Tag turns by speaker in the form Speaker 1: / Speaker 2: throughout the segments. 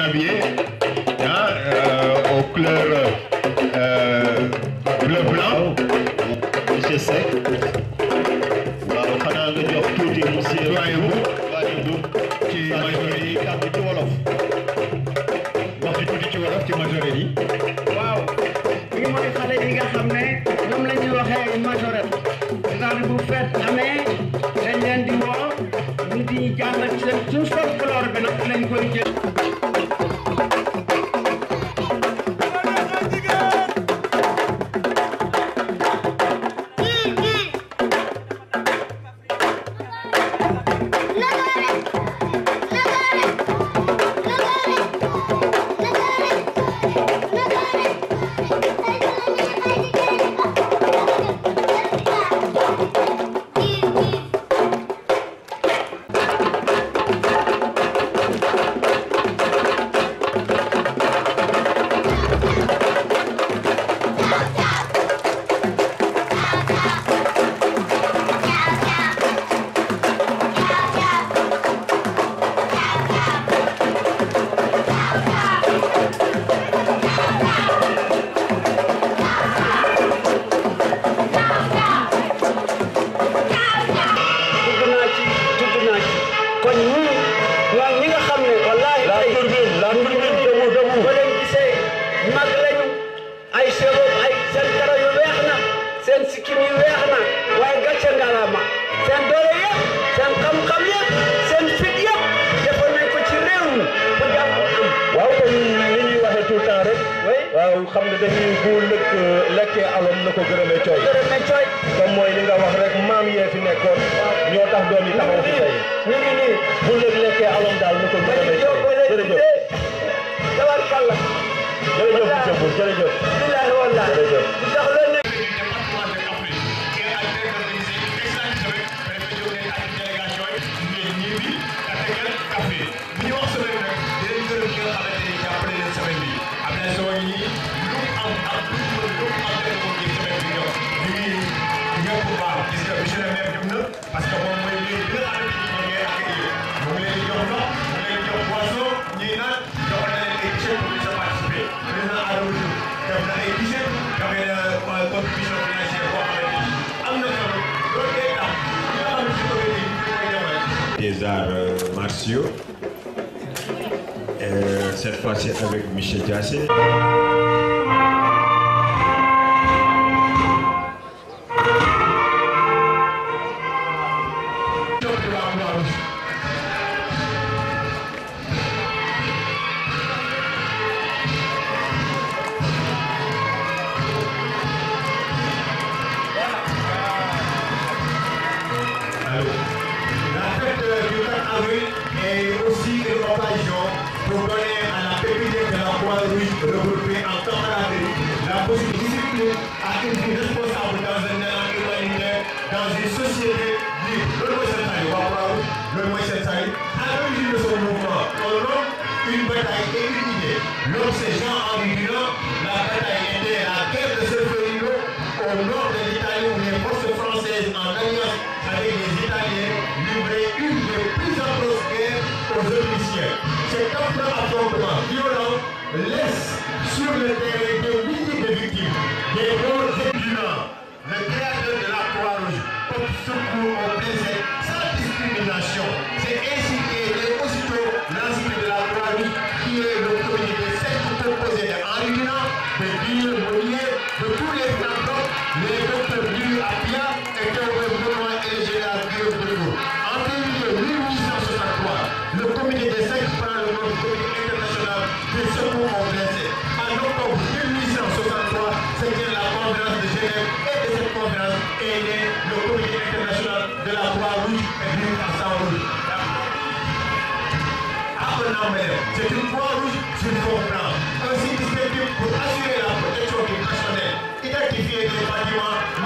Speaker 1: habillés hein, euh, aux couleurs euh, bleu blanc monsieur Seck waaw xanaa nga jox tuuti monsieur doyen bu doyen bu ci majoré yi kàddu ci wolof wax ci tuuti ci wolof ci majoré yi waaw ñi mooy xale yi nga xam ne ñoom la ñuy waxee majoré ndax bu feet amee dañ leen di woo ñu di jàngal seen suuf folklore bi nag lañ koy jël xam-xam yëpp seen fit yëpp defoon nañ ko ci réew mi ba jàmm am. waaw kay li ñuy waxee tout le temps rek. waaw xam nga dañuy bu lëkk lekkee alom na ko gërëmee cooy. gërëmee cooy. comme mooy li nga wax rek maam yee fi nekkoon. ñoo tax doom yi taxaw fi tey. ñu ngi nii bu lëkk lekkee alom daal na ko gërëmee cooy. jërëjëf jërëjëf jërëjëf jërëjëf. arts euh, martiaux. Et cette fois-ci avec Michel Diassé. à une responsable dans un élan humanitaire, dans une société libre. Le mois Taï, le mois Saïd à l'origine de son mouvement, on nomme une bataille et une idée. L'homme, c'est jean la bataille était la guerre de ce pays-là au nord de l'Italie où les forces françaises en alliance avec les Italiens livraient une des plus atroces guerres aux Ces Cet affrontement violent laisse sur le terrain victim. They know Thank you.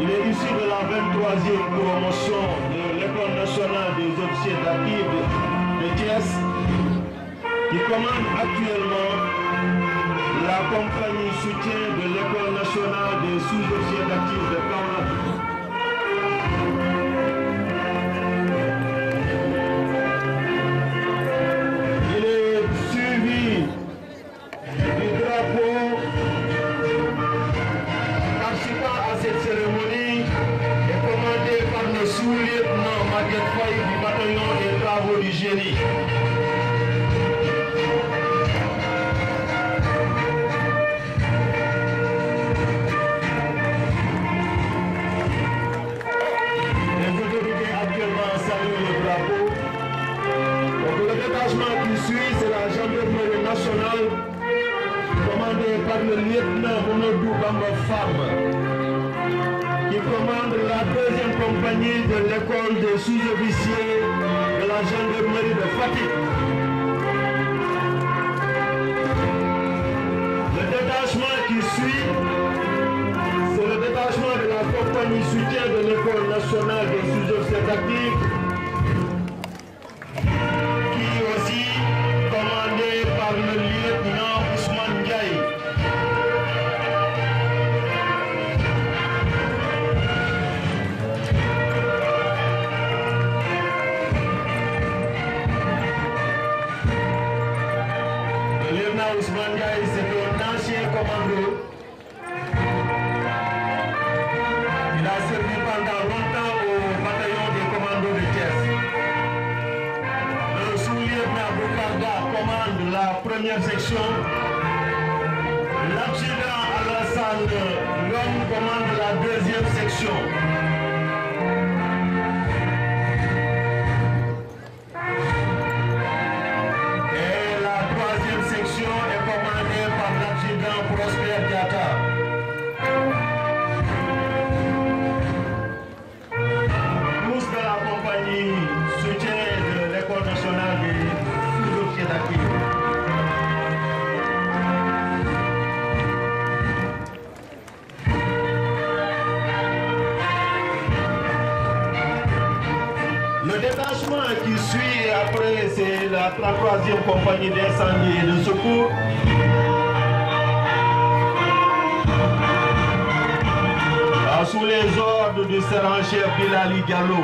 Speaker 1: Il est issu de la 23e promotion de l'École nationale des officiers d'active de Thiès qui commande actuellement la compagnie soutien de l'École nationale des sous-officiers d'actifs de Cameroun par le lieutenant Honodou Bamba qui commande la deuxième compagnie de l'école des sous-officiers de la gendarmerie de Fatih. Le détachement qui suit, c'est le détachement de la compagnie soutien de l'école nationale des sous-officiers actifs c'est un ancien commando. Il a servi pendant longtemps au bataillon des commandos de Thiès. Le sous-lieutenant Boukarda commande la première section. L'adjudant Alassane Lhomme commande la deuxième section. c'est la troisième compagnie d'incendie et de secours. Ah, sous les ordres du serrant-chef Bilali Gallo.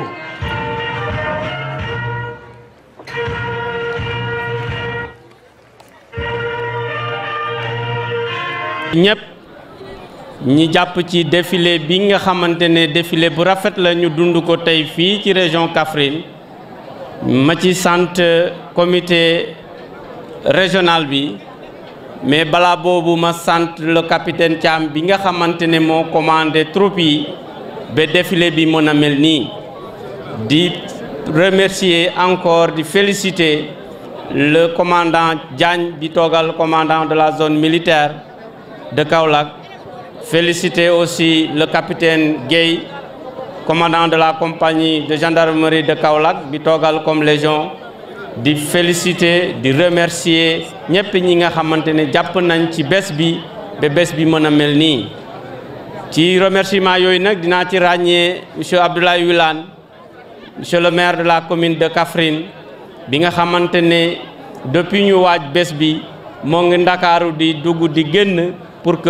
Speaker 2: ñëpp ñi japp ci défilé bi nga xamanténé défilé bu rafet la ñu dund ko tay fi ci région Kaffrine ma ci comité régional bi mais je bobu ma sante le capitaine Thiam bi nga maintenu mon moo commandé troupes yi défiler défilé bi mën a remercier encore di féliciter le commandant Diagne bi commandant de la zone militaire de Kaolack féliciter aussi le capitaine Gay commandant de la compagnie de gendarmerie de Kaolak, bi comme légion di féliciter de remercier ñëpp ñi nga ne nañ ci de bi de bés bi mën Abdoulaye le maire de la commune de Kafrine, bi nga depuis ñu waaj bés bi moo ngi de di dugg di pour que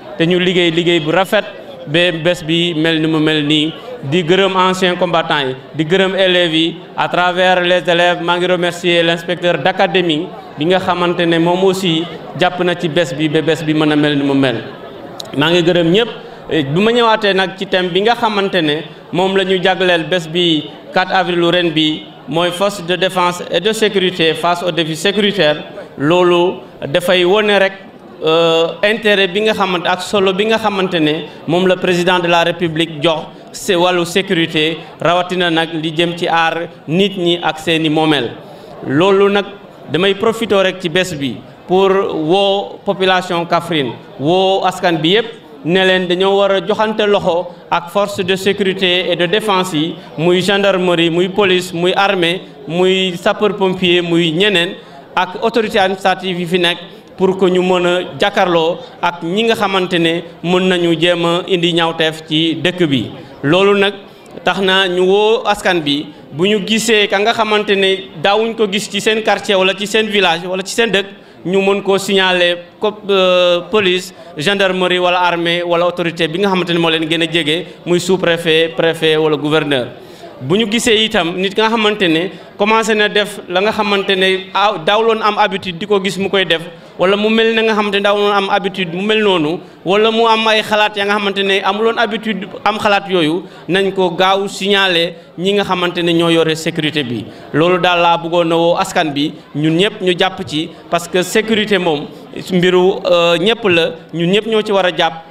Speaker 2: te ñu liggéey liggéey bu rafet ba bés bi mel ni mu mel nii di gërëm anciens combattants yi di gërëm élèves yi à travers les élèves maa ngi remercier l'inspecteur d'académie bi nga xamante ne aussi jàpp na ci bés bi ba bés bi mën a mel ni mu mel maa ngi gërëm ñëpp bu ma ci thème bi nga xamante ne moom la ñu bi 4 avril ren bi mooy force de défense et de sécurité face aux défis sécuritaires loolu defay wone rek euh, intérêt bi nga xamante ak solo bi nga ne mom le président de la république jox c'est walu sécurité rawatina nak li jëm ci ar nit ñi ak seeni momel. lolu nak damay profité rek ci bi pour wo population kafrine wo askan bi yépp ne leen dañoo war a joxante loxo ak force de sécurité et de défense yi muy gendarmerie muy police muy armée muy sapeur pompier muy ñeneen ak autorité administrative yi fi nekk pour que ñu mën a jàkkaarloo ak ñi nga xamante ne mën nañu jéem a indi ñaawteef ci dëkk bi loolu nag tax na ñu woo askan bi bu ñu gisee ka nga xamante ne daawuñ ko gis ci seen quartier wala ci seen village wala ci seen dëkk ñu mën koo signaler ko euh, police gendarmerie wala armée wala autorité bi nga xamante ne moo leen gën a jege muy sous préfet préfet wala gouverneur bu ñu gisee itam nit nga xamante ne commencé na def la nga xamante ne ah daawloon am habitude di ko gis mu koy def wala mu mel na nga xamante ne daawloon am habitude mu mel noonu wala mu am ay xalaat ya nga xamante ne amuloon habitude am xalaat yooyu nañ ko gaaw signaler ñi nga xamante ne ñoo yore sécurité bi loolu daal laa bëggoon na woo askan bi ñun ñëpp ñu jàpp ci parce que sécurité moom mbiru euh, ñëpp la ñun ñëpp ñoo ci war a jàpp.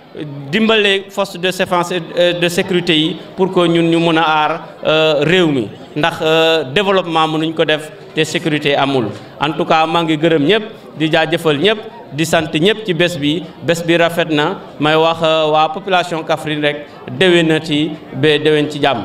Speaker 2: dimbalé force de défense et euh, de sécurité yi pour que ñun ñu mëna ar euh réew mi ndax euh, développement mënuñ ko def té sécurité amul en tout cas ma ngi gërëm ñëpp di jaajëfal ñëpp di sant ñëpp ci bës bi bës bi rafetna may wax euh, wa population kafrine rek déwénati be dewen ci jàmm.